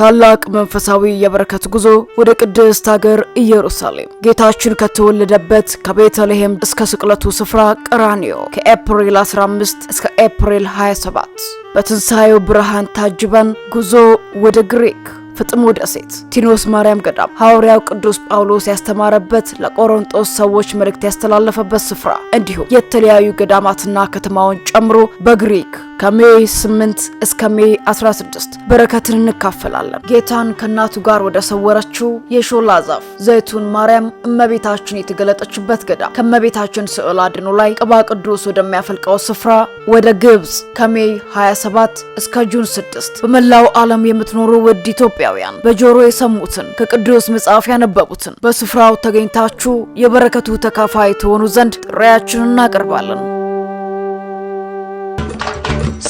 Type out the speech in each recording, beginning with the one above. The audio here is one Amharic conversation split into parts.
ታላቅ መንፈሳዊ የበረከት ጉዞ ወደ ቅድስት ሀገር ኢየሩሳሌም ጌታችን ከተወለደበት ከቤተልሔም እስከ ስቅለቱ ስፍራ ቀራኒዮ ከኤፕሪል 15 እስከ ኤፕሪል 27 በትንሣኤው ብርሃን ታጅበን ጉዞ ወደ ግሪክ ፍጥሞ ደሴት ቲኖስ ማርያም ገዳም ሐዋርያው ቅዱስ ጳውሎስ ያስተማረበት ለቆሮንጦስ ሰዎች መልእክት ያስተላለፈበት ስፍራ እንዲሁም የተለያዩ ገዳማትና ከተማውን ጨምሮ በግሪክ ከሜይ 8 እስከ ሜይ 16 በረከትን እንካፈላለን። ጌታን ከእናቱ ጋር ወደ ሰወረችው የሾላ ዛፍ ዘይቱን ማርያም እመቤታችን የተገለጠችበት ገዳም ከእመቤታችን ስዕል አድኑ ላይ ቅባ ቅዱስ ወደሚያፈልቀው ስፍራ ወደ ግብፅ ከሜይ 27 እስከ ጁን 6 በመላው ዓለም የምትኖሩ ውድ ኢትዮጵያውያን በጆሮ የሰሙትን ከቅዱስ መጽሐፍ ያነበቡትን በስፍራው ተገኝታችሁ የበረከቱ ተካፋይ ትሆኑ ዘንድ ጥሪያችንን እናቀርባለን።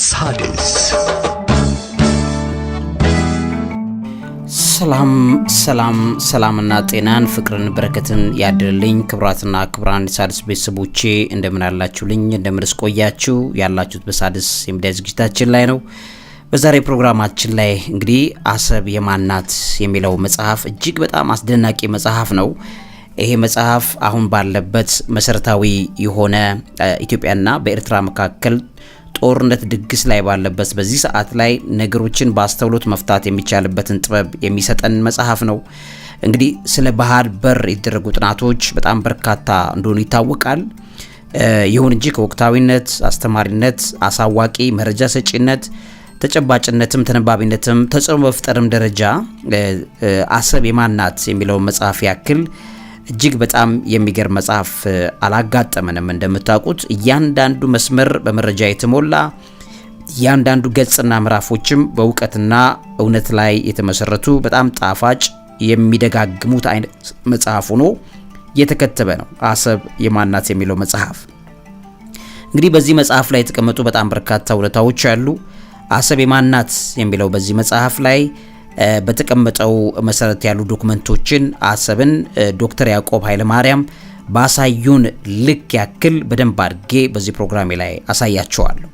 ሣድስ ሰላም ሰላም ሰላምና ጤናን ፍቅርን በረከትን ያድርልኝ ክብራትና ክብራን ሳድስ ቤተሰቦቼ እንደምን አላችሁልኝ? እንደምንስ ቆያችሁ? ያላችሁት በሳድስ የሚዲያ ዝግጅታችን ላይ ነው። በዛሬ ፕሮግራማችን ላይ እንግዲህ አሰብ የማናት የሚለው መጽሐፍ እጅግ በጣም አስደናቂ መጽሐፍ ነው። ይሄ መጽሐፍ አሁን ባለበት መሰረታዊ የሆነ ኢትዮጵያና በኤርትራ መካከል ጦርነት ድግስ ላይ ባለበት በዚህ ሰዓት ላይ ነገሮችን በአስተውሎት መፍታት የሚቻልበትን ጥበብ የሚሰጠን መጽሐፍ ነው። እንግዲህ ስለ ባህር በር የተደረጉ ጥናቶች በጣም በርካታ እንደሆኑ ይታወቃል። ይሁን እንጂ ከወቅታዊነት፣ አስተማሪነት፣ አሳዋቂ መረጃ ሰጪነት፣ ተጨባጭነትም፣ ተነባቢነትም ተጽዕኖ መፍጠርም ደረጃ አሰብ የማናት የሚለውን መጽሐፍ ያክል እጅግ በጣም የሚገርም መጽሐፍ አላጋጠመንም። እንደምታውቁት እያንዳንዱ መስመር በመረጃ የተሞላ እያንዳንዱ ገጽና ምዕራፎችም በእውቀትና እውነት ላይ የተመሰረቱ በጣም ጣፋጭ የሚደጋግሙት አይነት መጽሐፍ ሆኖ የተከተበ ነው። አሰብ የማናት የሚለው መጽሐፍ እንግዲህ በዚህ መጽሐፍ ላይ የተቀመጡ በጣም በርካታ ውለታዎች አሉ። አሰብ የማናት የሚለው በዚህ መጽሐፍ ላይ በተቀመጠው መሰረት ያሉ ዶክመንቶችን አሰብን ዶክተር ያዕቆብ ኃይለማርያም ባሳዩን ልክ ያክል በደንብ አድርጌ በዚህ ፕሮግራሜ ላይ አሳያቸዋለሁ።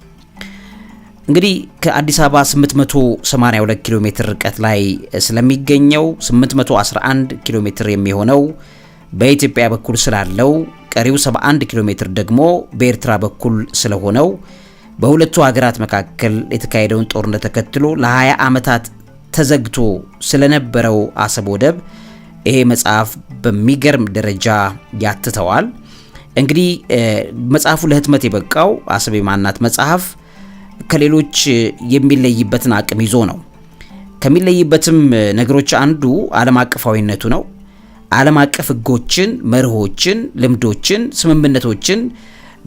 እንግዲህ ከአዲስ አበባ 882 ኪሎ ሜትር ርቀት ላይ ስለሚገኘው 811 ኪሎ ሜትር የሚሆነው በኢትዮጵያ በኩል ስላለው ቀሪው 71 ኪሎ ሜትር ደግሞ በኤርትራ በኩል ስለሆነው በሁለቱ ሀገራት መካከል የተካሄደውን ጦርነት ተከትሎ ለ20 ዓመታት ተዘግቶ ስለነበረው አሰብ ወደብ ይሄ መጽሐፍ በሚገርም ደረጃ ያትተዋል። እንግዲህ መጽሐፉ ለህትመት የበቃው አሰብ የማናት መጽሐፍ ከሌሎች የሚለይበትን አቅም ይዞ ነው። ከሚለይበትም ነገሮች አንዱ ዓለም አቀፋዊነቱ ነው። ዓለም አቀፍ ህጎችን፣ መርሆችን፣ ልምዶችን፣ ስምምነቶችን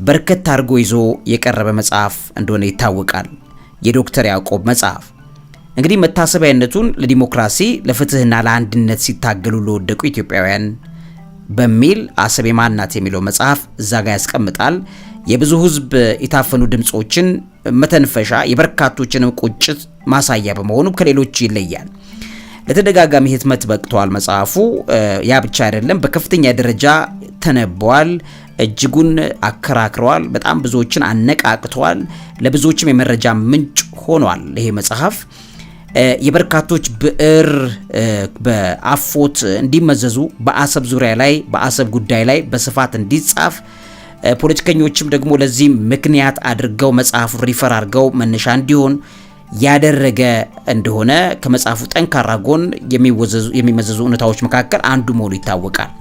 በርከት አድርጎ ይዞ የቀረበ መጽሐፍ እንደሆነ ይታወቃል። የዶክተር ያዕቆብ መጽሐፍ እንግዲህ መታሰቢያነቱን ለዲሞክራሲ ለፍትህና ለአንድነት ሲታገሉ ለወደቁ ኢትዮጵያውያን በሚል አሰብ የማናት የሚለው መጽሐፍ እዛ ጋ ያስቀምጣል። የብዙ ህዝብ የታፈኑ ድምፆችን መተንፈሻ፣ የበርካቶችንም ቁጭት ማሳያ በመሆኑ ከሌሎች ይለያል። ለተደጋጋሚ ህትመት በቅተዋል መጽሐፉ። ያ ብቻ አይደለም፣ በከፍተኛ ደረጃ ተነበዋል። እጅጉን አከራክረዋል። በጣም ብዙዎችን አነቃቅተዋል። ለብዙዎችም የመረጃ ምንጭ ሆኗል ይሄ መጽሐፍ። የበርካቶች ብዕር በአፎት እንዲመዘዙ በአሰብ ዙሪያ ላይ በአሰብ ጉዳይ ላይ በስፋት እንዲጻፍ ፖለቲከኞችም ደግሞ ለዚህ ምክንያት አድርገው መጽሐፉ ሪፈር አድርገው መነሻ እንዲሆን ያደረገ እንደሆነ ከመጽሐፉ ጠንካራ ጎን የሚመዘዙ እውነታዎች መካከል አንዱ መሆኑ ይታወቃል።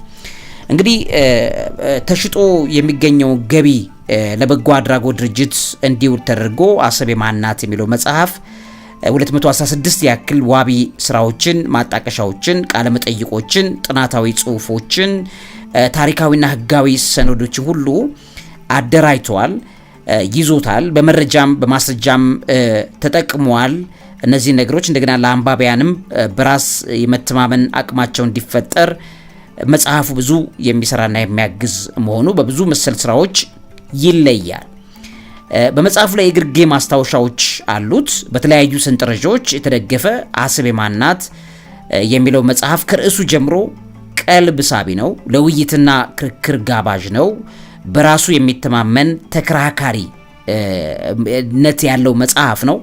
እንግዲህ ተሽጦ የሚገኘው ገቢ ለበጎ አድራጎት ድርጅት እንዲውል ተደርጎ አሰብ የማናት የሚለው መጽሐፍ 216 ያክል ዋቢ ስራዎችን፣ ማጣቀሻዎችን፣ ቃለመጠይቆችን፣ ጥናታዊ ጽሁፎችን፣ ታሪካዊና ህጋዊ ሰነዶችን ሁሉ አደራጅተዋል፣ ይዞታል፣ በመረጃም በማስረጃም ተጠቅመዋል። እነዚህ ነገሮች እንደገና ለአንባቢያንም በራስ የመተማመን አቅማቸው እንዲፈጠር መጽሐፉ ብዙ የሚሰራና የሚያግዝ መሆኑ በብዙ መሰል ስራዎች ይለያል። በመጽሐፉ ላይ የግርጌ ማስታወሻዎች አሉት። በተለያዩ ሰንጠረዦች የተደገፈ አስቤ ማናት የሚለው መጽሐፍ ከርዕሱ ጀምሮ ቀልብ ሳቢ ነው። ለውይይትና ክርክር ጋባዥ ነው። በራሱ የሚተማመን ተከራካሪነት ያለው መጽሐፍ ነው።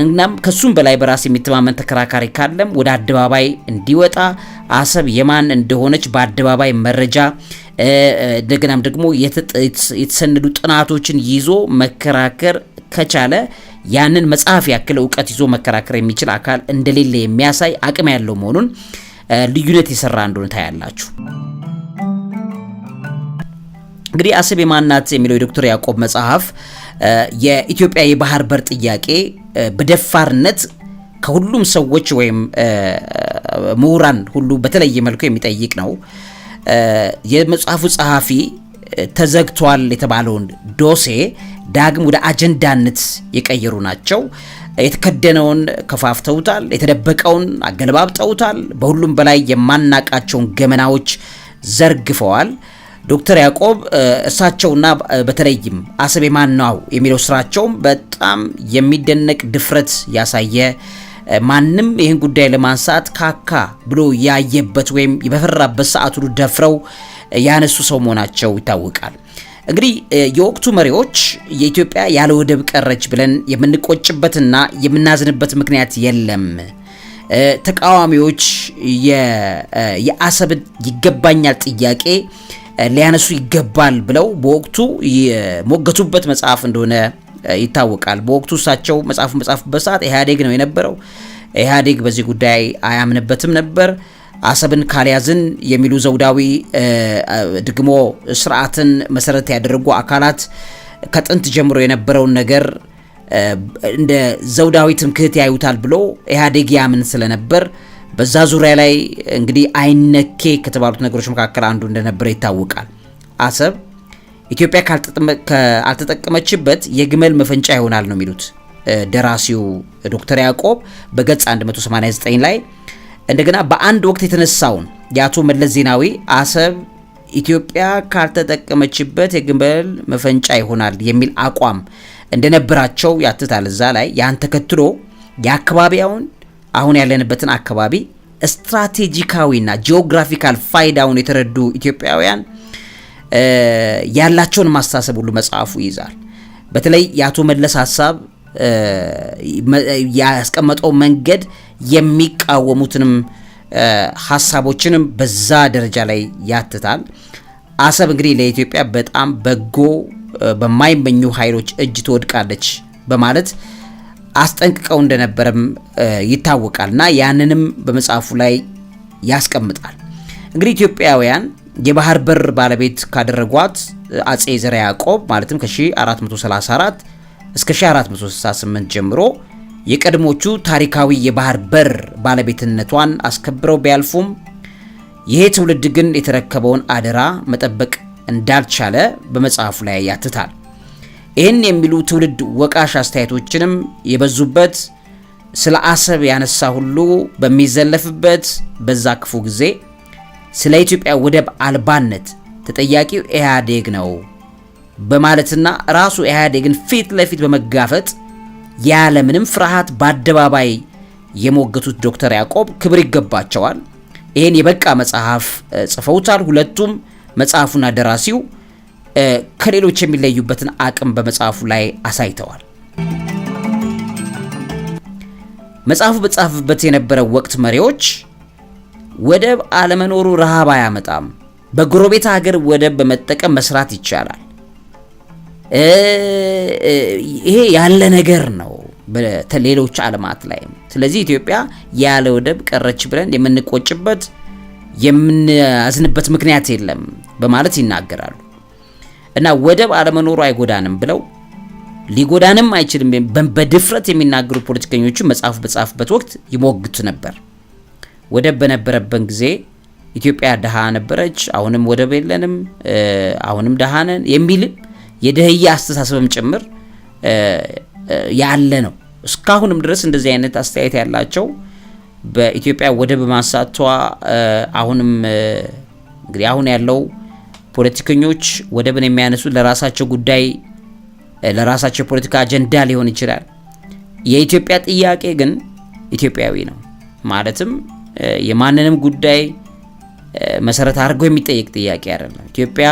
እናም ከሱም በላይ በራስ የሚተማመን ተከራካሪ ካለም ወደ አደባባይ እንዲወጣ አሰብ የማን እንደሆነች በአደባባይ መረጃ እንደገናም ደግሞ የተሰነዱ ጥናቶችን ይዞ መከራከር ከቻለ ያንን መጽሐፍ ያክል እውቀት ይዞ መከራከር የሚችል አካል እንደሌለ የሚያሳይ አቅም ያለው መሆኑን ልዩነት የሰራ እንደሆነ ታያላችሁ። እንግዲህ አሰብ የማን ናት የሚለው የዶክተር ያዕቆብ መጽሐፍ የኢትዮጵያ የባህር በር ጥያቄ በደፋርነት ከሁሉም ሰዎች ወይም ምሁራን ሁሉ በተለየ መልኩ የሚጠይቅ ነው። የመጽሐፉ ጸሐፊ ተዘግቷል የተባለውን ዶሴ ዳግም ወደ አጀንዳነት የቀየሩ ናቸው። የተከደነውን ከፋፍተውታል፣ የተደበቀውን አገለባብጠውታል፣ በሁሉም በላይ የማናቃቸውን ገመናዎች ዘርግፈዋል። ዶክተር ያዕቆብ እሳቸውና በተለይም አሰብ የማናው የሚለው ስራቸውም በጣም የሚደነቅ ድፍረት ያሳየ ማንም ይህን ጉዳይ ለማንሳት ካካ ብሎ ያየበት ወይም በፈራበት ሰዓት ሁሉ ደፍረው ያነሱ ሰው መሆናቸው ይታወቃል። እንግዲህ የወቅቱ መሪዎች የኢትዮጵያ ያለ ወደብ ቀረች ብለን የምንቆጭበትና የምናዝንበት ምክንያት የለም። ተቃዋሚዎች የአሰብን ይገባኛል ጥያቄ ሊያነሱ ይገባል ብለው በወቅቱ የሞገቱበት መጽሐፍ እንደሆነ ይታወቃል። በወቅቱ እሳቸው መጽሐፉን በጻፉበት ሰዓት ኢህአዴግ ነው የነበረው። ኢህአዴግ በዚህ ጉዳይ አያምንበትም ነበር። አሰብን ካልያዝን የሚሉ ዘውዳዊ ድግሞ ስርዓትን መሰረት ያደረጉ አካላት ከጥንት ጀምሮ የነበረውን ነገር እንደ ዘውዳዊ ትምክህት ያዩታል ብሎ ኢህአዴግ ያምን ስለነበር በዛ ዙሪያ ላይ እንግዲህ አይነኬ ከተባሉት ነገሮች መካከል አንዱ እንደነበረ ይታወቃል። አሰብ ኢትዮጵያ ካልተጠቀመችበት የግመል መፈንጫ ይሆናል ነው የሚሉት ደራሲው ዶክተር ያዕቆብ በገጽ 189 ላይ እንደገና በአንድ ወቅት የተነሳውን የአቶ መለስ ዜናዊ አሰብ ኢትዮጵያ ካልተጠቀመችበት የግመል መፈንጫ ይሆናል የሚል አቋም እንደነበራቸው ያትታል። እዛ ላይ ያን ተከትሎ የአካባቢያውን አሁን ያለንበትን አካባቢ ስትራቴጂካዊና ጂኦግራፊካል ፋይዳውን የተረዱ ኢትዮጵያውያን ያላቸውን ማስተሳሰብ ሁሉ መጽሐፉ ይይዛል። በተለይ የአቶ መለስ ሀሳብ ያስቀመጠው መንገድ የሚቃወሙትንም ሀሳቦችንም በዛ ደረጃ ላይ ያትታል። አሰብ እንግዲህ ለኢትዮጵያ በጣም በጎ በማይመኙ ኃይሎች እጅ ትወድቃለች በማለት አስጠንቅቀው እንደነበረም ይታወቃል እና ያንንም በመጽሐፉ ላይ ያስቀምጣል። እንግዲህ ኢትዮጵያውያን የባህር በር ባለቤት ካደረጓት አጼ ዘርዓ ያዕቆብ ማለትም ከ1434 እስከ 1468 ጀምሮ የቀድሞቹ ታሪካዊ የባህር በር ባለቤትነቷን አስከብረው ቢያልፉም ይሄ ትውልድ ግን የተረከበውን አደራ መጠበቅ እንዳልቻለ በመጽሐፉ ላይ ያትታል። ይህን የሚሉ ትውልድ ወቃሽ አስተያየቶችንም የበዙበት ስለ አሰብ ያነሳ ሁሉ በሚዘለፍበት በዛ ክፉ ጊዜ ስለ ኢትዮጵያ ወደብ አልባነት ተጠያቂው ኢህአዴግ ነው በማለትና ራሱ ኢህአዴግን ፊት ለፊት በመጋፈጥ ያለምንም ፍርሃት በአደባባይ የሞገቱት ዶክተር ያዕቆብ ክብር ይገባቸዋል። ይህን የበቃ መጽሐፍ ጽፈውታል። ሁለቱም መጽሐፉና ደራሲው ከሌሎች የሚለዩበትን አቅም በመጽሐፉ ላይ አሳይተዋል። መጽሐፉ በተጻፈበት የነበረ ወቅት መሪዎች ወደብ አለመኖሩ ረሃብ አያመጣም፣ በጎረቤት ሀገር ወደብ በመጠቀም መስራት ይቻላል፣ ይሄ ያለ ነገር ነው በሌሎች አለማት ላይ። ስለዚህ ኢትዮጵያ ያለ ወደብ ቀረች ብለን የምንቆጭበት የምናዝንበት ምክንያት የለም በማለት ይናገራሉ። እና ወደብ አለመኖሩ አይጎዳንም ብለው ሊጎዳንም አይችልም በድፍረት የሚናገሩ ፖለቲከኞቹ መጽሐፍ በጻፉበት ወቅት ይሞግቱ ነበር። ወደብ በነበረበት ጊዜ ኢትዮጵያ ድሃ ነበረች፣ አሁንም ወደብ የለንም፣ አሁንም ድሃ ነን የሚል የድህያ አስተሳሰብም ጭምር ያለ ነው። እስካሁንም ድረስ እንደዚህ አይነት አስተያየት ያላቸው በኢትዮጵያ ወደብ ማንሳቷ አሁንም እንግዲህ አሁን ያለው ፖለቲከኞች ወደብን የሚያነሱት ለራሳቸው ጉዳይ፣ ለራሳቸው ፖለቲካ አጀንዳ ሊሆን ይችላል። የኢትዮጵያ ጥያቄ ግን ኢትዮጵያዊ ነው። ማለትም የማንንም ጉዳይ መሰረት አድርጎ የሚጠየቅ ጥያቄ አይደለም። ኢትዮጵያ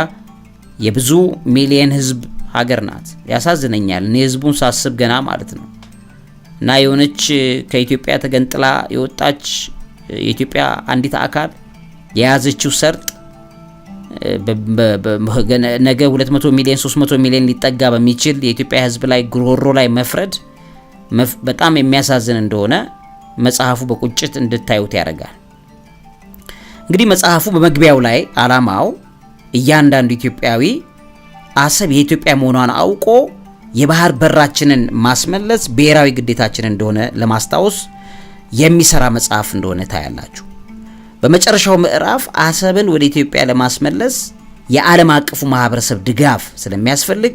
የብዙ ሚሊየን ህዝብ ሀገር ናት። ያሳዝነኛል እኔ ህዝቡን ሳስብ ገና ማለት ነው እና የሆነች ከኢትዮጵያ ተገንጥላ የወጣች የኢትዮጵያ አንዲት አካል የያዘችው ሰርጥ ነገ 200 ሚሊዮን 300 ሚሊዮን ሊጠጋ በሚችል የኢትዮጵያ ሕዝብ ላይ ጉሮሮ ላይ መፍረድ በጣም የሚያሳዝን እንደሆነ መጽሐፉ በቁጭት እንድታዩት ያደርጋል። እንግዲህ መጽሐፉ በመግቢያው ላይ አላማው እያንዳንዱ ኢትዮጵያዊ አሰብ የኢትዮጵያ መሆኗን አውቆ የባህር በራችንን ማስመለስ ብሔራዊ ግዴታችን እንደሆነ ለማስታወስ የሚሰራ መጽሐፍ እንደሆነ ታያላችሁ። በመጨረሻው ምዕራፍ አሰብን ወደ ኢትዮጵያ ለማስመለስ የዓለም አቀፉ ማህበረሰብ ድጋፍ ስለሚያስፈልግ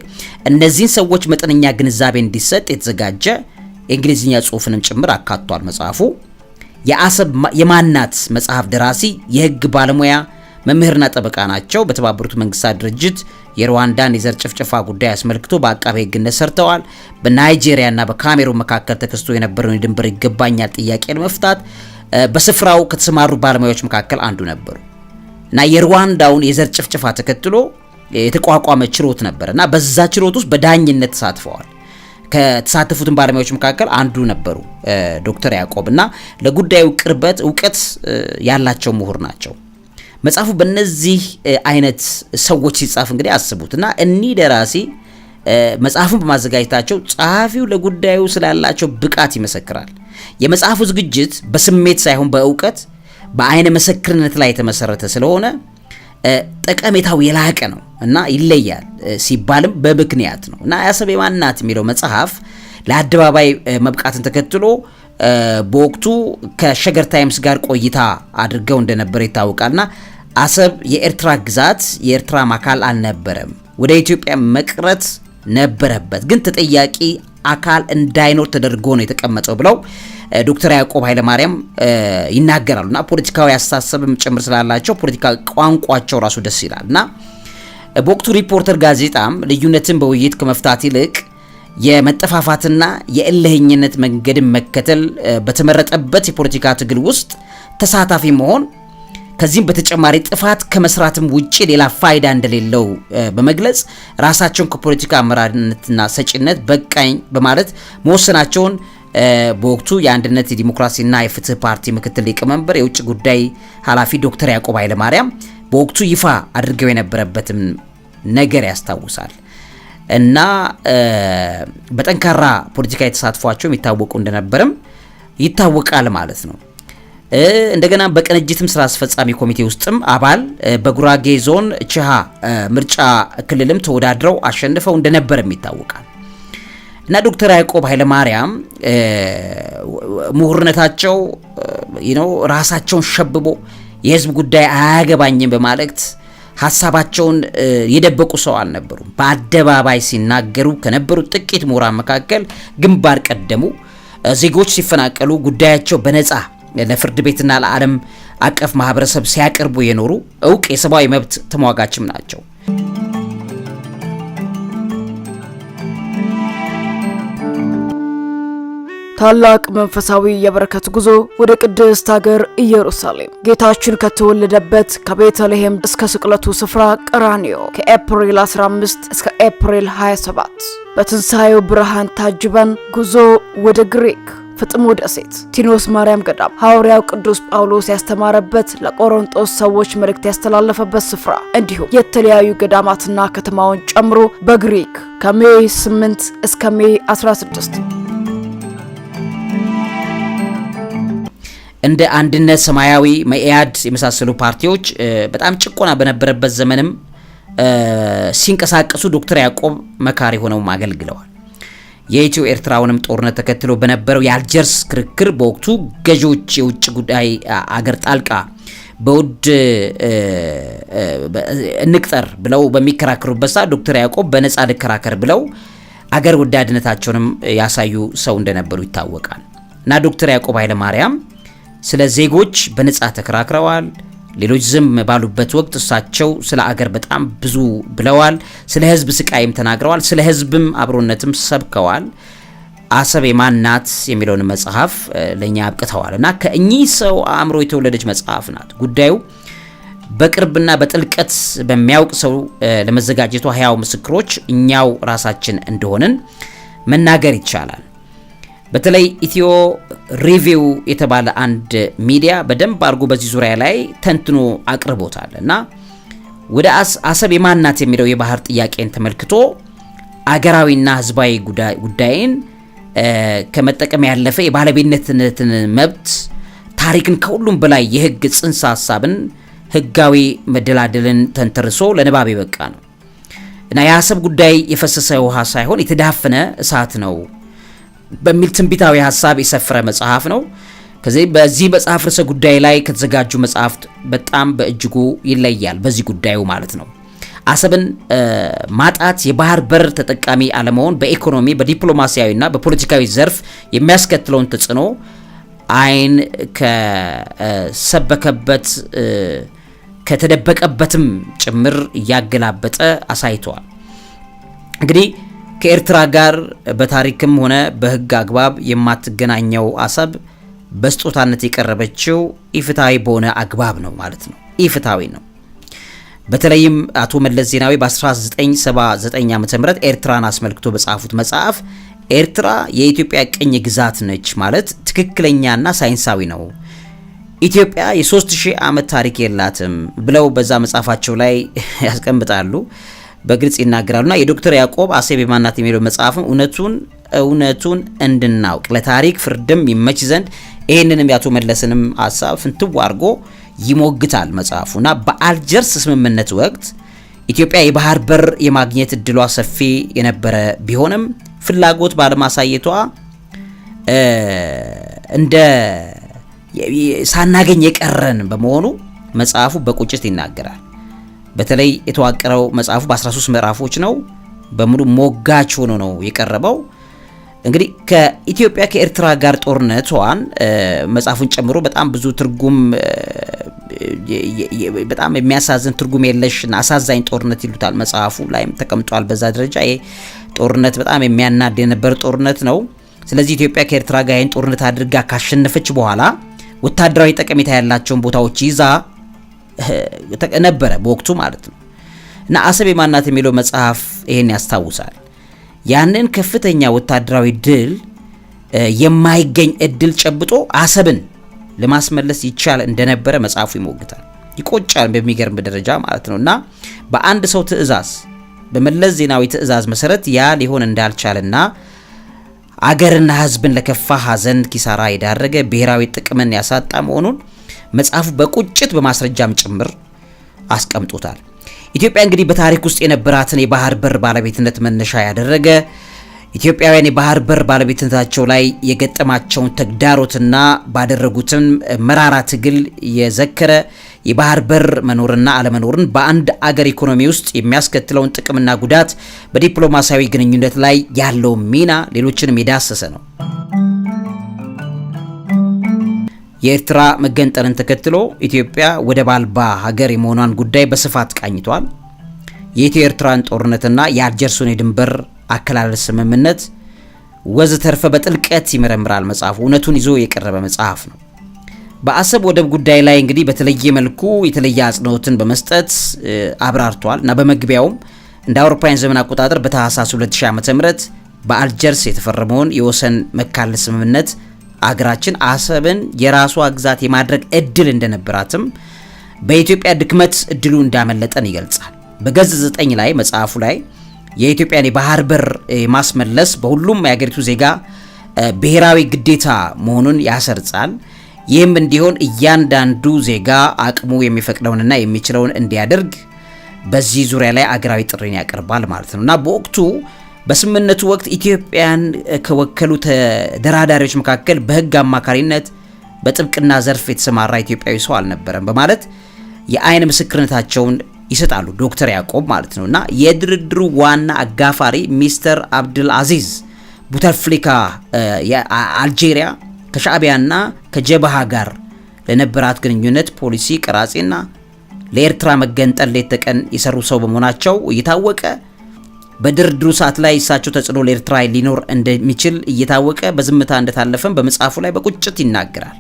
እነዚህን ሰዎች መጠነኛ ግንዛቤ እንዲሰጥ የተዘጋጀ የእንግሊዝኛ ጽሑፍንም ጭምር አካቷል። መጽሐፉ የአሰብ የማናት መጽሐፍ ደራሲ የህግ ባለሙያ መምህርና ጠበቃ ናቸው። በተባበሩት መንግስታት ድርጅት የሩዋንዳን የዘር ጭፍጨፋ ጉዳይ አስመልክቶ በአቃቤ ህግነት ሰርተዋል። በናይጄሪያና በካሜሩን መካከል ተከስቶ የነበረውን የድንበር ይገባኛል ጥያቄ ለመፍታት በስፍራው ከተሰማሩ ባለሙያዎች መካከል አንዱ ነበሩ እና የሩዋንዳውን የዘር ጭፍጭፋ ተከትሎ የተቋቋመ ችሎት ነበር እና በዛ ችሎት ውስጥ በዳኝነት ተሳትፈዋል። ከተሳተፉትን ባለሙያዎች መካከል አንዱ ነበሩ ዶክተር ያዕቆብ እና ለጉዳዩ ቅርበት እውቀት ያላቸው ምሁር ናቸው። መጽሐፉ በእነዚህ አይነት ሰዎች ሲጻፍ እንግዲህ አስቡት እና እኒህ ደራሲ መጽሐፉን በማዘጋጀታቸው ጸሐፊው ለጉዳዩ ስላላቸው ብቃት ይመሰክራል። የመጽሐፉ ዝግጅት በስሜት ሳይሆን በእውቀት በአይነ ምስክርነት ላይ የተመሰረተ ስለሆነ ጠቀሜታው የላቀ ነው እና ይለያል ሲባልም በምክንያት ነው እና ያሰብ የማናት የሚለው መጽሐፍ ለአደባባይ መብቃትን ተከትሎ በወቅቱ ከሸገር ታይምስ ጋር ቆይታ አድርገው እንደነበረ ይታወቃልና አሰብ የኤርትራ ግዛት የኤርትራም አካል አልነበረም። ወደ ኢትዮጵያ መቅረት ነበረበት፣ ግን ተጠያቂ አካል እንዳይኖር ተደርጎ ነው የተቀመጠው ብለው ዶክተር ያዕቆብ ኃይለማርያም ይናገራሉ። እና ፖለቲካዊ አስተሳሰብም ጭምር ስላላቸው ፖለቲካዊ ቋንቋቸው ራሱ ደስ ይላል እና በወቅቱ ሪፖርተር ጋዜጣም ልዩነትን በውይይት ከመፍታት ይልቅ የመጠፋፋትና የእልህኝነት መንገድን መከተል በተመረጠበት የፖለቲካ ትግል ውስጥ ተሳታፊ መሆን ከዚህም በተጨማሪ ጥፋት ከመስራትም ውጭ ሌላ ፋይዳ እንደሌለው በመግለጽ ራሳቸውን ከፖለቲካ አመራርነትና ሰጪነት በቃኝ በማለት መወሰናቸውን በወቅቱ የአንድነት የዲሞክራሲና የፍትህ ፓርቲ ምክትል ሊቀመንበር የውጭ ጉዳይ ኃላፊ ዶክተር ያዕቆብ ኃይለማርያም በወቅቱ ይፋ አድርገው የነበረበትም ነገር ያስታውሳል እና በጠንካራ ፖለቲካ የተሳትፏቸው ይታወቁ እንደነበረም ይታወቃል ማለት ነው። እንደገና በቅንጅትም ስራ አስፈጻሚ ኮሚቴ ውስጥም አባል በጉራጌ ዞን ችሃ ምርጫ ክልልም ተወዳድረው አሸንፈው እንደነበርም ይታወቃል። እና ዶክተር ያዕቆብ ኃይለማርያም ምሁርነታቸው ራሳቸውን ሸብቦ የህዝብ ጉዳይ አያገባኝም በማለት ሀሳባቸውን የደበቁ ሰው አልነበሩም። በአደባባይ ሲናገሩ ከነበሩ ጥቂት ምሁራን መካከል ግንባር ቀደሙ ዜጎች ሲፈናቀሉ ጉዳያቸው በነጻ። ለፍርድ ቤትና ለዓለም አቀፍ ማህበረሰብ ሲያቀርቡ የኖሩ እውቅ የሰብአዊ መብት ተሟጋችም ናቸው። ታላቅ መንፈሳዊ የበረከት ጉዞ ወደ ቅድስት ሀገር ኢየሩሳሌም ጌታችን ከተወለደበት ከቤተልሔም እስከ ስቅለቱ ስፍራ ቀራኒዮ ከኤፕሪል 15 እስከ ኤፕሪል 27 በትንሣኤው ብርሃን ታጅበን ጉዞ ወደ ግሪክ ፍጥሞ ደሴት ቲኖስ ማርያም ገዳም ሐዋርያው ቅዱስ ጳውሎስ ያስተማረበት ለቆሮንጦስ ሰዎች መልእክት ያስተላለፈበት ስፍራ እንዲሁም የተለያዩ ገዳማትና ከተማውን ጨምሮ በግሪክ ከሜ 8 እስከ ሜ 16 እንደ አንድነት፣ ሰማያዊ፣ መኢአድ የመሳሰሉ ፓርቲዎች በጣም ጭቆና በነበረበት ዘመንም ሲንቀሳቀሱ ዶክተር ያዕቆብ መካሪ ሆነው አገልግለዋል። የኢትዮ ኤርትራውንም ጦርነት ተከትሎ በነበረው የአልጀርስ ክርክር በወቅቱ ገዢዎች የውጭ ጉዳይ አገር ጣልቃ በውድ እንቅጠር ብለው በሚከራከሩበት ሰዓት ዶክተር ያዕቆብ በነፃ ልከራከር ብለው አገር ወዳድነታቸውንም ያሳዩ ሰው እንደነበሩ ይታወቃል እና ዶክተር ያዕቆብ ኃይለማርያም ስለ ዜጎች በነፃ ተከራክረዋል። ሌሎች ዝም ባሉበት ወቅት እሳቸው ስለ አገር በጣም ብዙ ብለዋል። ስለ ህዝብ ስቃይም ተናግረዋል። ስለ ህዝብም አብሮነትም ሰብከዋል። አሰብ የማን ናት የሚለውን መጽሐፍ ለእኛ አብቅተዋል እና ከእኚህ ሰው አእምሮ የተወለደች መጽሐፍ ናት። ጉዳዩ በቅርብና በጥልቀት በሚያውቅ ሰው ለመዘጋጀቱ ሕያው ምስክሮች እኛው ራሳችን እንደሆንን መናገር ይቻላል። በተለይ ኢትዮ ሪቪው የተባለ አንድ ሚዲያ በደንብ አድርጎ በዚህ ዙሪያ ላይ ተንትኖ አቅርቦታል እና ወደ አሰብ የማናት የሚለው የባህር ጥያቄን ተመልክቶ አገራዊና ህዝባዊ ጉዳይን ከመጠቀም ያለፈ የባለቤትነትን መብት ታሪክን ከሁሉም በላይ የህግ ጽንሰ ሀሳብን ህጋዊ መደላደልን ተንተርሶ ለንባብ የበቃ ነው እና የአሰብ ጉዳይ የፈሰሰ ውሃ ሳይሆን የተዳፈነ እሳት ነው በሚል ትንቢታዊ ሀሳብ የሰፈረ መጽሐፍ ነው። ከዚህ በዚህ መጽሐፍ ርዕሰ ጉዳይ ላይ ከተዘጋጁ መጽሐፍት በጣም በእጅጉ ይለያል። በዚህ ጉዳዩ ማለት ነው። አሰብን ማጣት የባህር በር ተጠቃሚ አለመሆን በኢኮኖሚ በዲፕሎማሲያዊና በፖለቲካዊ ዘርፍ የሚያስከትለውን ተጽዕኖ አይን ከሰበከበት ከተደበቀበትም ጭምር እያገላበጠ አሳይተዋል። እንግዲህ ከኤርትራ ጋር በታሪክም ሆነ በህግ አግባብ የማትገናኘው አሰብ በስጦታነት የቀረበችው ኢፍትሐዊ በሆነ አግባብ ነው ማለት ነው። ኢፍትሐዊ ነው። በተለይም አቶ መለስ ዜናዊ በ1979 ዓ ም ኤርትራን አስመልክቶ በጻፉት መጽሐፍ ኤርትራ የኢትዮጵያ ቅኝ ግዛት ነች ማለት ትክክለኛና ሳይንሳዊ ነው፣ ኢትዮጵያ የ3000 ዓመት ታሪክ የላትም ብለው በዛ መጽሐፋቸው ላይ ያስቀምጣሉ። በግልጽ ይናገራሉና የዶክተር ያዕቆብ አሴብ የማናት የሚለው መጽሐፍም እውነቱን እውነቱን እንድናውቅ ለታሪክ ፍርድም ይመች ዘንድ ይህንንም ያቶ መለስንም ሀሳብ ፍንትው አድርጎ ይሞግታል መጽሐፉና በአልጀርስ ስምምነት ወቅት ኢትዮጵያ የባህር በር የማግኘት እድሏ ሰፊ የነበረ ቢሆንም ፍላጎት ባለማሳየቷ እንደ ሳናገኝ የቀረን በመሆኑ መጽሐፉ በቁጭት ይናገራል። በተለይ የተዋቀረው መጽሐፉ በ13 ምዕራፎች ነው። በሙሉ ሞጋች ሆኖ ነው የቀረበው። እንግዲህ ከኢትዮጵያ ከኤርትራ ጋር ጦርነቷን መጽሐፉን ጨምሮ በጣም ብዙ ትርጉም በጣም የሚያሳዝን ትርጉም የለሽ አሳዛኝ ጦርነት ይሉታል መጽሐፉ ላይም ተቀምጧል። በዛ ደረጃ ይህ ጦርነት በጣም የሚያናድ የነበረ ጦርነት ነው። ስለዚህ ኢትዮጵያ ከኤርትራ ጋር ይህን ጦርነት አድርጋ ካሸነፈች በኋላ ወታደራዊ ጠቀሜታ ያላቸውን ቦታዎች ይዛ ነበረ በወቅቱ ማለት ነው። እና አሰብ የማናት የሚለው መጽሐፍ ይሄን ያስታውሳል። ያንን ከፍተኛ ወታደራዊ ድል የማይገኝ እድል ጨብጦ አሰብን ለማስመለስ ይቻል እንደነበረ መጽሐፉ ይሞግታል። ይቆጫል በሚገርም ደረጃ ማለት ነው። እና በአንድ ሰው ትዕዛዝ፣ በመለስ ዜናዊ ትዕዛዝ መሰረት ያ ሊሆን እንዳልቻለና አገርና ሕዝብን ለከፋ ሐዘን ኪሳራ የዳረገ ብሔራዊ ጥቅምን ያሳጣ መሆኑን መጽሐፉ በቁጭት በማስረጃም ጭምር አስቀምጦታል። ኢትዮጵያ እንግዲህ በታሪክ ውስጥ የነበራትን የባህር በር ባለቤትነት መነሻ ያደረገ ኢትዮጵያውያን የባህር በር ባለቤትነታቸው ላይ የገጠማቸውን ተግዳሮትና ባደረጉትም መራራ ትግል የዘከረ የባህር በር መኖርና አለመኖርን በአንድ አገር ኢኮኖሚ ውስጥ የሚያስከትለውን ጥቅምና ጉዳት፣ በዲፕሎማሲያዊ ግንኙነት ላይ ያለውን ሚና ሌሎችንም የዳሰሰ ነው። የኤርትራ መገንጠልን ተከትሎ ኢትዮጵያ ወደብ አልባ ሀገር የመሆኗን ጉዳይ በስፋት ቃኝቷል። የኢትዮ ኤርትራን ጦርነትና የአልጀርሱን የድንበር አከላለል ስምምነት ወዘተርፈ በጥልቀት ይመረምራል መጽሐፉ። እውነቱን ይዞ የቀረበ መጽሐፍ ነው። በአሰብ ወደብ ጉዳይ ላይ እንግዲህ በተለየ መልኩ የተለየ አጽንኦትን በመስጠት አብራርቷል እና በመግቢያውም እንደ አውሮፓውያን ዘመን አቆጣጠር በታህሳስ 2000 ዓ.ም በአልጀርስ የተፈረመውን የወሰን መካለል ስምምነት አገራችን አሰብን የራሷ ግዛት የማድረግ እድል እንደነበራትም በኢትዮጵያ ድክመት እድሉ እንዳመለጠን ይገልጻል። በገጽ 9 ላይ መጽሐፉ ላይ የኢትዮጵያን የባህር በር ማስመለስ በሁሉም የአገሪቱ ዜጋ ብሔራዊ ግዴታ መሆኑን ያሰርጻል። ይህም እንዲሆን እያንዳንዱ ዜጋ አቅሙ የሚፈቅደውንና የሚችለውን እንዲያደርግ በዚህ ዙሪያ ላይ አገራዊ ጥሪን ያቀርባል ማለት ነው እና በወቅቱ በስምምነቱ ወቅት ኢትዮጵያን ከወከሉ ተደራዳሪዎች መካከል በህግ አማካሪነት በጥብቅና ዘርፍ የተሰማራ ኢትዮጵያዊ ሰው አልነበረም በማለት የአይን ምስክርነታቸውን ይሰጣሉ። ዶክተር ያዕቆብ ማለት ነው እና የድርድሩ ዋና አጋፋሪ ሚስተር አብድል አዚዝ ቡተፍሊካ አልጄሪያ ከሻዕቢያና ከጀበሃ ጋር ለነበራት ግንኙነት ፖሊሲ ቅራጼና ለኤርትራ መገንጠል ሌት ተቀን የሰሩ ሰው በመሆናቸው እየታወቀ በድርድሩ ሰዓት ላይ እሳቸው ተጽዕኖ ለኤርትራ ሊኖር እንደሚችል እየታወቀ በዝምታ እንደታለፈም በመጽሐፉ ላይ በቁጭት ይናገራል።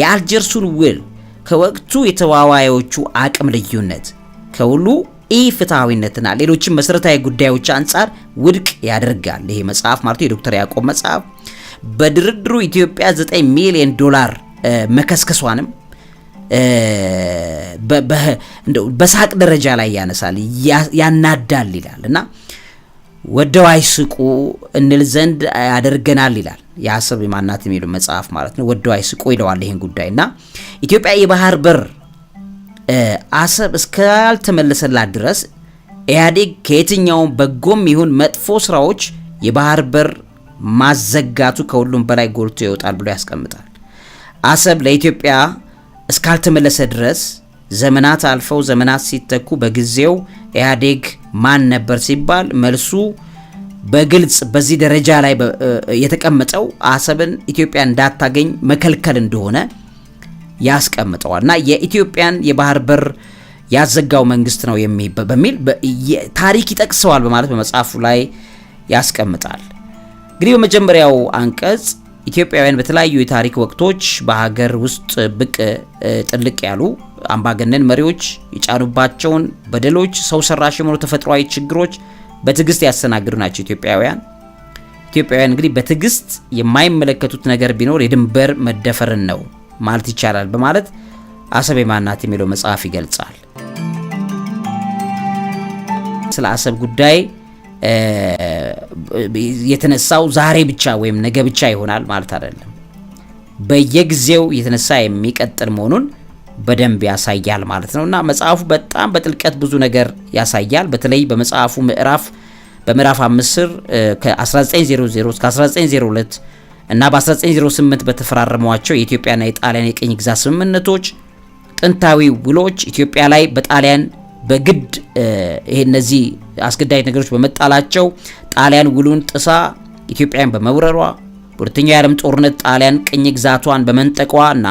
የአልጀርሱን ውል ከወቅቱ የተዋዋዮቹ አቅም ልዩነት ከውሉ ኢፍትሐዊነትና ሌሎችም መሰረታዊ ጉዳዮች አንጻር ውድቅ ያደርጋል። ይሄ መጽሐፍ ማለት የዶክተር ያዕቆብ መጽሐፍ በድርድሩ ኢትዮጵያ 9 ሚሊዮን ዶላር መከስከሷንም በሳቅ ደረጃ ላይ ያነሳል፣ ያናዳል ይላል እና ወደው አይስቁ እንል ዘንድ ያደርገናል ይላል የአሰብ ማናት የሚሉ መጽሐፍ ማለት ነው። ወደው አይስቁ ይለዋል ይህን ጉዳይ እና ኢትዮጵያ የባህር በር አሰብ እስካልተመለሰላት ድረስ ኢህአዴግ ከየትኛውም በጎም ይሁን መጥፎ ስራዎች የባህር በር ማዘጋቱ ከሁሉም በላይ ጎልቶ ይወጣል ብሎ ያስቀምጣል። አሰብ ለኢትዮጵያ እስካልተመለሰ ድረስ ዘመናት አልፈው ዘመናት ሲተኩ በጊዜው ኢህአዴግ ማን ነበር ሲባል መልሱ በግልጽ በዚህ ደረጃ ላይ የተቀመጠው አሰብን ኢትዮጵያ እንዳታገኝ መከልከል እንደሆነ ያስቀምጠዋል እና የኢትዮጵያን የባህር በር ያዘጋው መንግስት ነው በሚል ታሪክ ይጠቅሰዋል በማለት በመጽሐፉ ላይ ያስቀምጣል። እንግዲህ በመጀመሪያው አንቀጽ ኢትዮጵያውያን በተለያዩ የታሪክ ወቅቶች በሀገር ውስጥ ብቅ ጥልቅ ያሉ አምባገነን መሪዎች የጫኑባቸውን በደሎች፣ ሰው ሰራሽ የሆኑ ተፈጥሯዊ ችግሮች በትዕግስት ያስተናግዱ ናቸው። ኢትዮጵያውያን ኢትዮጵያውያን እንግዲህ በትዕግስት የማይመለከቱት ነገር ቢኖር የድንበር መደፈርን ነው ማለት ይቻላል በማለት አሰብ የማናት የሚለው መጽሐፍ ይገልጻል። ስለ አሰብ ጉዳይ የተነሳው ዛሬ ብቻ ወይም ነገ ብቻ ይሆናል ማለት አይደለም። በየጊዜው የተነሳ የሚቀጥል መሆኑን በደንብ ያሳያል ማለት ነው እና መጽሐፉ በጣም በጥልቀት ብዙ ነገር ያሳያል። በተለይ በመጽሐፉ ምዕራፍ በምዕራፍ 5 ከ1900 እስከ 1902 እና በ1908 በተፈራረሟቸው የኢትዮጵያና የጣሊያን የቅኝ ግዛት ስምምነቶች ጥንታዊ ውሎች ኢትዮጵያ ላይ በጣሊያን በግድ ይሄ እነዚህ አስገዳጅ ነገሮች በመጣላቸው ጣሊያን ውሉን ጥሳ ኢትዮጵያን በመውረሯ በሁለተኛው የዓለም ጦርነት ጣሊያን ቅኝ ግዛቷን በመንጠቋ እና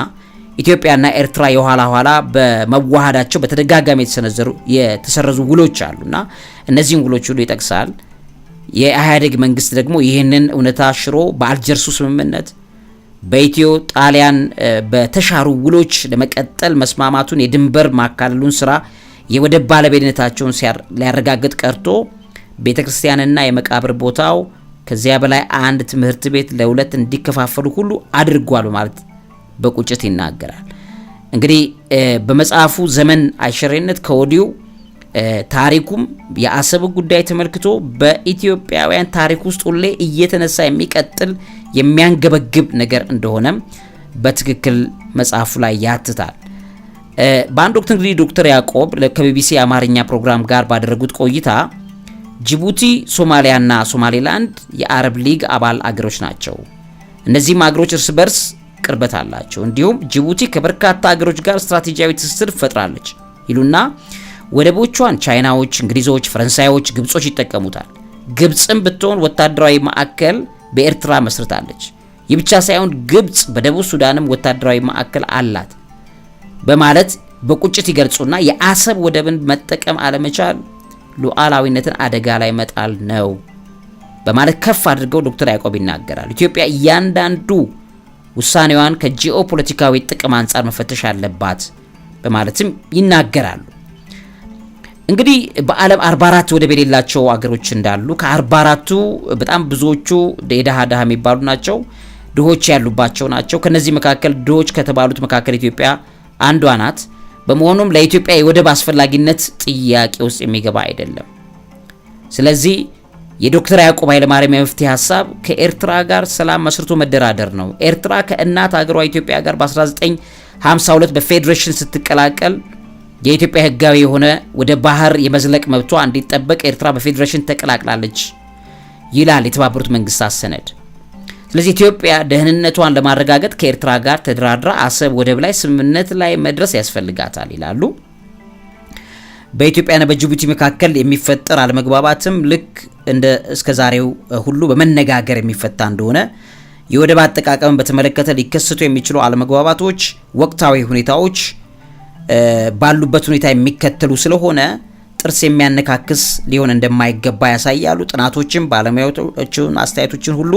ኢትዮጵያና ኤርትራ የኋላ ኋላ በመዋሃዳቸው በተደጋጋሚ የተሰነዘሩ የተሰረዙ ውሎች አሉና እነዚህን ውሎች ሁሉ ይጠቅሳል። የኢህአዴግ መንግስት ደግሞ ይህንን እውነታ ሽሮ በአልጀርሱ ስምምነት በኢትዮ ጣሊያን በተሻሩ ውሎች ለመቀጠል መስማማቱን የድንበር ማካለሉን ስራ የወደብ ባለቤትነታቸውን ሊያረጋግጥ ቀርቶ ቤተ ክርስቲያንና የመቃብር ቦታው ከዚያ በላይ አንድ ትምህርት ቤት ለሁለት እንዲከፋፈሉ ሁሉ አድርጓል በማለት በቁጭት ይናገራል። እንግዲህ በመጽሐፉ ዘመን አሸሬነት ከወዲሁ ታሪኩም የአሰብ ጉዳይ ተመልክቶ በኢትዮጵያውያን ታሪክ ውስጥ ሁሌ እየተነሳ የሚቀጥል የሚያንገበግብ ነገር እንደሆነም በትክክል መጽሐፉ ላይ ያትታል። በአንድ ወቅት እንግዲህ ዶክተር ያዕቆብ ከቢቢሲ የአማርኛ ፕሮግራም ጋር ባደረጉት ቆይታ ጅቡቲ፣ ሶማሊያና ሶማሌላንድ የአረብ ሊግ አባል አገሮች ናቸው። እነዚህም አገሮች እርስ በርስ ቅርበት አላቸው። እንዲሁም ጅቡቲ ከበርካታ አገሮች ጋር ስትራቴጂያዊ ትስስር ፈጥራለች ይሉና ወደቦቿን ቻይናዎች፣ እንግሊዞች፣ ፈረንሳዮች፣ ግብጾች ይጠቀሙታል። ግብጽም ብትሆን ወታደራዊ ማዕከል በኤርትራ መስርታለች። ይህ ብቻ ሳይሆን ግብጽ በደቡብ ሱዳንም ወታደራዊ ማዕከል አላት። በማለት በቁጭት ይገልጹና የአሰብ ወደብን መጠቀም አለመቻል ሉዓላዊነትን አደጋ ላይ መጣል ነው በማለት ከፍ አድርገው ዶክተር ያዕቆብ ይናገራል። ኢትዮጵያ እያንዳንዱ ውሳኔዋን ከጂኦ ፖለቲካዊ ጥቅም አንጻር መፈተሽ አለባት በማለትም ይናገራሉ። እንግዲህ በዓለም 44 ወደብ የሌላቸው አገሮች እንዳሉ ከ44ቱ በጣም ብዙዎቹ የደሃ ደሃ የሚባሉ ናቸው፣ ድሆች ያሉባቸው ናቸው። ከነዚህ መካከል ድሆች ከተባሉት መካከል ኢትዮጵያ አንዷ ናት። በመሆኑም ለኢትዮጵያ የወደብ አስፈላጊነት ጥያቄ ውስጥ የሚገባ አይደለም። ስለዚህ የዶክተር ያዕቆብ ኃይለማርያም የመፍትሄ ሀሳብ ከኤርትራ ጋር ሰላም መስርቶ መደራደር ነው። ኤርትራ ከእናት ሀገሯ ኢትዮጵያ ጋር በ1952 በፌዴሬሽን ስትቀላቀል የኢትዮጵያ ሕጋዊ የሆነ ወደ ባህር የመዝለቅ መብቷ እንዲጠበቅ ኤርትራ በፌዴሬሽን ተቀላቅላለች ይላል የተባበሩት መንግስታት ሰነድ። ስለዚህ ኢትዮጵያ ደህንነቷን ለማረጋገጥ ከኤርትራ ጋር ተደራድራ አሰብ ወደብ ላይ ስምምነት ላይ መድረስ ያስፈልጋታል ይላሉ። በኢትዮጵያና በጅቡቲ መካከል የሚፈጠር አለመግባባትም ልክ እንደ እስከ ዛሬው ሁሉ በመነጋገር የሚፈታ እንደሆነ የወደብ አጠቃቀምን በተመለከተ ሊከሰቱ የሚችሉ አለመግባባቶች ወቅታዊ ሁኔታዎች ባሉበት ሁኔታ የሚከተሉ ስለሆነ ጥርስ የሚያነካክስ ሊሆን እንደማይገባ ያሳያሉ። ጥናቶችን፣ ባለሙያዎችን አስተያየቶችን ሁሉ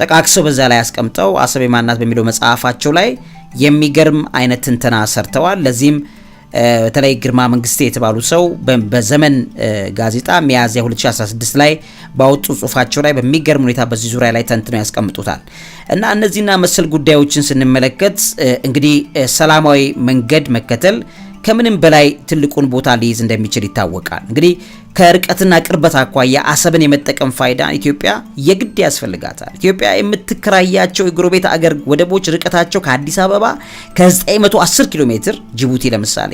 ጠቃቅሰው በዛ ላይ አስቀምጠው አሰብ የማናት በሚለው መጽሐፋቸው ላይ የሚገርም አይነት ትንተና ሰርተዋል። ለዚህም በተለይ ግርማ መንግስቴ የተባሉ ሰው በዘመን ጋዜጣ ሚያዝያ 2016 ላይ ባወጡ ጽሁፋቸው ላይ በሚገርም ሁኔታ በዚህ ዙሪያ ላይ ተንትነው ያስቀምጡታል እና እነዚህና መሰል ጉዳዮችን ስንመለከት እንግዲህ ሰላማዊ መንገድ መከተል ከምንም በላይ ትልቁን ቦታ ሊይዝ እንደሚችል ይታወቃል። እንግዲህ ከርቀትና ቅርበት አኳያ አሰብን የመጠቀም ፋይዳ ኢትዮጵያ የግድ ያስፈልጋታል። ኢትዮጵያ የምትከራያቸው የጎረቤት አገር ወደቦች ርቀታቸው ከአዲስ አበባ ከ910 ኪሎ ሜትር ጅቡቲ ለምሳሌ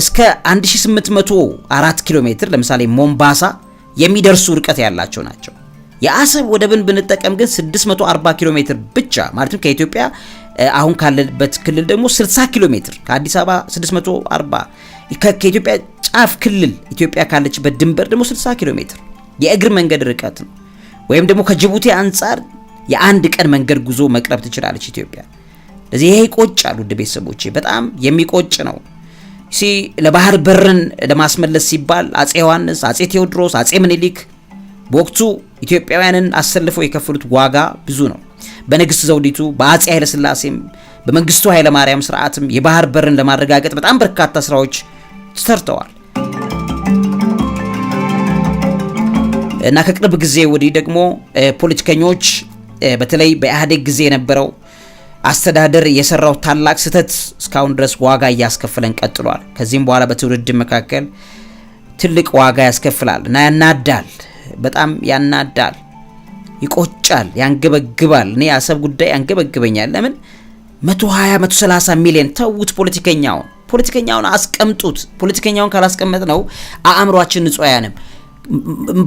እስከ 1804 ኪሎ ሜትር ለምሳሌ ሞምባሳ የሚደርሱ ርቀት ያላቸው ናቸው። የአሰብ ወደብን ብንጠቀም ግን 640 ኪሎ ሜትር ብቻ ማለትም ከኢትዮጵያ አሁን ካለበት ክልል ደግሞ 60 ኪሎ ሜትር ከአዲስ አበባ 640 ከኢትዮጵያ ጫፍ ክልል ኢትዮጵያ ካለችበት ድንበር ደግሞ 60 ኪሎ ሜትር የእግር መንገድ ርቀት ነው። ወይም ደግሞ ከጅቡቲ አንጻር የአንድ ቀን መንገድ ጉዞ መቅረብ ትችላለች ኢትዮጵያ። ስለዚህ ይሄ ይቆጫል፣ ውድ ቤተሰቦቼ፣ በጣም የሚቆጭ ነው። ሲ ለባህር በርን ለማስመለስ ሲባል አጼ ዮሐንስ፣ አጼ ቴዎድሮስ፣ አጼ ምኒልክ በወቅቱ ኢትዮጵያውያንን አሰልፈው የከፈሉት ዋጋ ብዙ ነው። በንግስት ዘውዲቱ በአጼ ስላሴም በመንግስቱ ኃይለማርያም ስርዓትም የባህር በርን ለማረጋገጥ በጣም በርካታ ስራዎች ተሰርተዋል እና ከቅርብ ጊዜ ወዲህ ደግሞ ፖለቲከኞች በተለይ በኢህአዴግ ጊዜ የነበረው አስተዳደር የሰራው ታላቅ ስህተት እስካሁን ድረስ ዋጋ እያስከፍለን ቀጥሏል። ከዚህም በኋላ በትውልድ መካከል ትልቅ ዋጋ ያስከፍላል እና ያናዳል፣ በጣም ያናዳል። ይቆጫል፣ ያንገበግባል። እኔ የአሰብ ጉዳይ ያንገበግበኛል። ለምን 120 130 ሚሊዮን ተዉት። ፖለቲከኛውን ፖለቲከኛውን አስቀምጡት። ፖለቲከኛውን ካላስቀመጥ ነው አእምሯችን ንጹህ አያንም።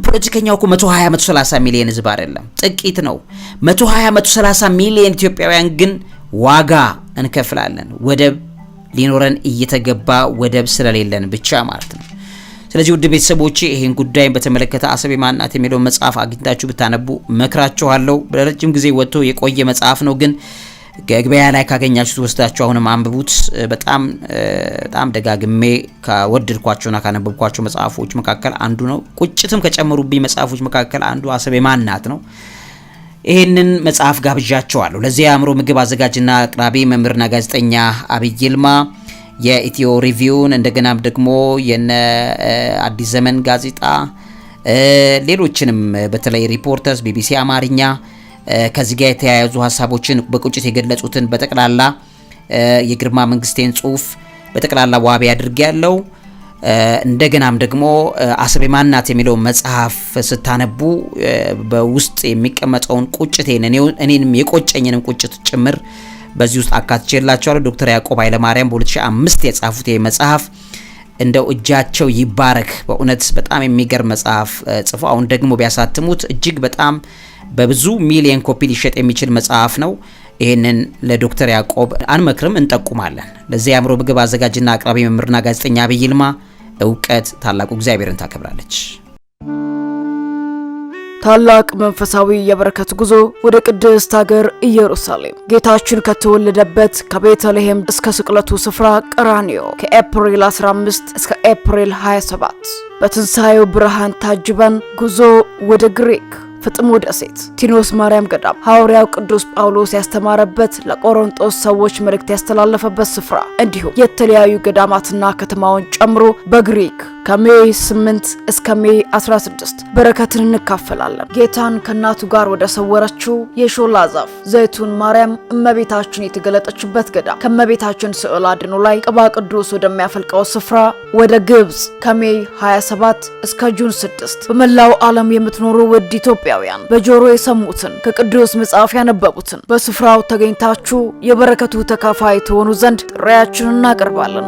ፖለቲከኛው እኮ 120 130 ሚሊዮን ህዝብ አይደለም፣ ጥቂት ነው። 120 130 ሚሊዮን ኢትዮጵያውያን ግን ዋጋ እንከፍላለን። ወደብ ሊኖረን እየተገባ ወደብ ስለሌለን ብቻ ማለት ነው። ስለዚህ ውድ ቤተሰቦቼ ይህን ጉዳይ በተመለከተ አሰብ የማናት የሚለውን መጽሐፍ አግኝታችሁ ብታነቡ መክራችኋለሁ። ለረጅም ጊዜ ወጥቶ የቆየ መጽሐፍ ነው ግን ገግበያ ላይ ካገኛችሁት ወስዳችሁ አሁንም አንብቡት። በጣም በጣም ደጋግሜ ከወደድኳቸውና ካነበብኳቸው መጽሐፎች መካከል አንዱ ነው። ቁጭትም ከጨመሩብኝ መጽሐፎች መካከል አንዱ አሰብ የማናት ነው። ይህንን መጽሐፍ ጋብዣቸዋለሁ። ለዚህ የአእምሮ ምግብ አዘጋጅና አቅራቢ መምህርና ጋዜጠኛ አብይ ይልማ የኢትዮ ሪቪውን እንደገናም ደግሞ የነ አዲስ ዘመን ጋዜጣ ሌሎችንም በተለይ ሪፖርተርስ፣ ቢቢሲ አማርኛ ከዚህ ጋር የተያያዙ ሀሳቦችን በቁጭት የገለጹትን በጠቅላላ የግርማ መንግስቴን ጽሁፍ በጠቅላላ ዋቢ አድርግ ያለው እንደገናም ደግሞ አሰቤ ማናት የሚለውን መጽሐፍ ስታነቡ በውስጥ የሚቀመጠውን ቁጭቴን እኔንም የቆጨኝንም ቁጭት ጭምር በዚህ ውስጥ አካትቼላቸዋለሁ። ዶክተር ያዕቆብ ኃይለማርያም በ2005 የጻፉት ይህ መጽሐፍ እንደው እጃቸው ይባረክ በእውነት በጣም የሚገርም መጽሐፍ ጽፎ አሁን ደግሞ ቢያሳትሙት እጅግ በጣም በብዙ ሚሊየን ኮፒ ሊሸጥ የሚችል መጽሐፍ ነው። ይህንን ለዶክተር ያዕቆብ አንመክርም፣ እንጠቁማለን። ለዚህ የአእምሮ ምግብ አዘጋጅና አቅራቢ መምህርና ጋዜጠኛ አብይ ይልማ እውቀት ታላቁ እግዚአብሔርን ታከብራለች። ታላቅ መንፈሳዊ የበረከት ጉዞ ወደ ቅድስት ሀገር ኢየሩሳሌም ጌታችን ከተወለደበት ከቤተልሔም እስከ ስቅለቱ ስፍራ ቀራንዮ ከኤፕሪል 15 እስከ ኤፕሪል 27 በትንሣኤው ብርሃን ታጅበን ጉዞ ወደ ግሪክ ፍጥሞ ደሴት ቲኖስ ማርያም ገዳም ሐዋርያው ቅዱስ ጳውሎስ ያስተማረበት ለቆሮንጦስ ሰዎች መልእክት ያስተላለፈበት ስፍራ እንዲሁም የተለያዩ ገዳማትና ከተማውን ጨምሮ በግሪክ ከሜይ 8 እስከ ሜይ 16 በረከትን እንካፈላለን። ጌታን ከእናቱ ጋር ወደ ሰወረችው የሾላ ዛፍ ዘይቱን ማርያም እመቤታችን የተገለጠችበት ገዳም ከእመቤታችን ስዕል አድኑ ላይ ቅባ ቅዱስ ወደሚያፈልቀው ስፍራ ወደ ግብፅ ከሜይ 27 እስከ ጁን 6 በመላው ዓለም የምትኖሩ ውድ ኢትዮጵያውያን በጆሮ የሰሙትን ከቅዱስ መጽሐፍ ያነበቡትን በስፍራው ተገኝታችሁ የበረከቱ ተካፋይ ትሆኑ ዘንድ ጥሪያችንን እናቀርባለን።